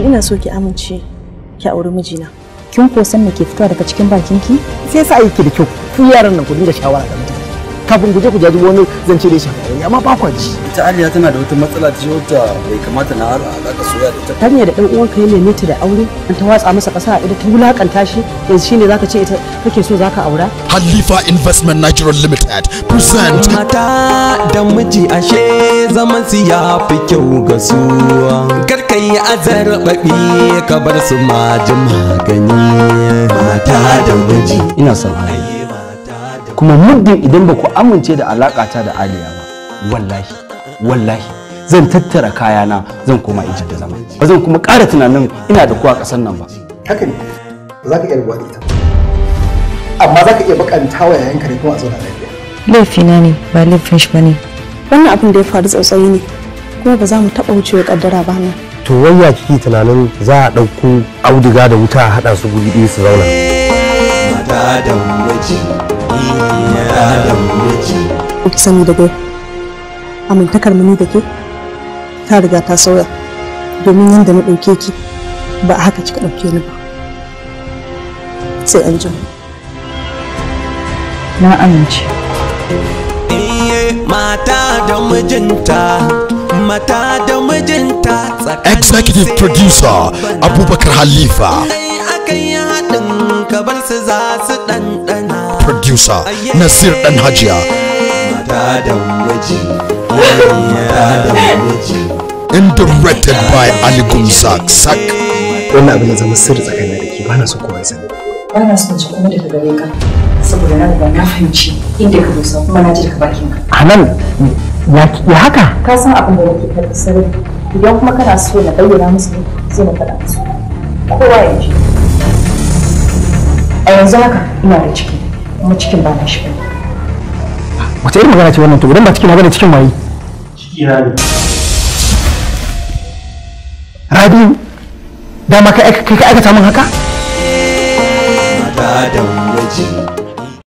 ina so ki amince ki auri mijina kin ko san me ke fitowa daga cikin bakin ki sai sa aiki da kyau ku yaran nan ku dinga shawara da mutane. kafin ku je ku jaji wani zance da ya shafa wani amma ba kwa ji ita aliya tana da wata matsala ta wata bai kamata na har alaka soya da ta. tanya da ɗan uwanka ya neme ta da aure an ta watsa masa kasa ita ta wulakanta shi yanzu shine zaka ce ita kake so zaka aura Halifa Investment Natural Limited present mata da miji ashe zaman su ya fi kyau ga su azar azarbabi ka bar su ma gani. mata da miji ina son kuma muddin idan ba ku amince da ta da aliya ba wallahi wallahi zan tattara kayana zan koma ijin da zama ba zan kuma ƙara tunanin ina da kowa ƙasar nan ba haka ne za ka iya rubuwa ita amma za ka iya bakanta wa yayanka ne kuma a zauna lafiya na ne ba laifin shi bane wannan abin da ya faru tsautsayi ne kuma ba za mu taɓa wucewa kaddara ba nan to wayya kike tunanin za a ɗauko auduga da wuta a haɗa su guri ɗaya su zauna gadon miji gadon miji ku sani da gai amintakar mu ni da ke ta riga ta sauya domin yadda na ɗauke ki ba a haka kika ɗauke ni ba sai an ji na amince mata da mijinta mata da mijinta executive producer abubakar halifa akan yi haɗin kabar su za producer Nasir Dan Hajiya and directed by Ali Gumzak Sak wannan abin da zama sir tsakanin da ke ba na so kowa sani ba na son kuma daga gare ka saboda na riga na fahimci inda ka dosa kuma na ji daga bakin ka anan ya haka ka san abin da nake faɗa sirri idan kuma kana so na bayyana musu sai na faɗa musu kowa ya ji a yanzu haka ina da ciki kuma cikin ba na shi bane wace irin magana ce wannan to idan ba cikin magana cikin waye ciki na ne rabi dama kai ka aikata min haka mata da waje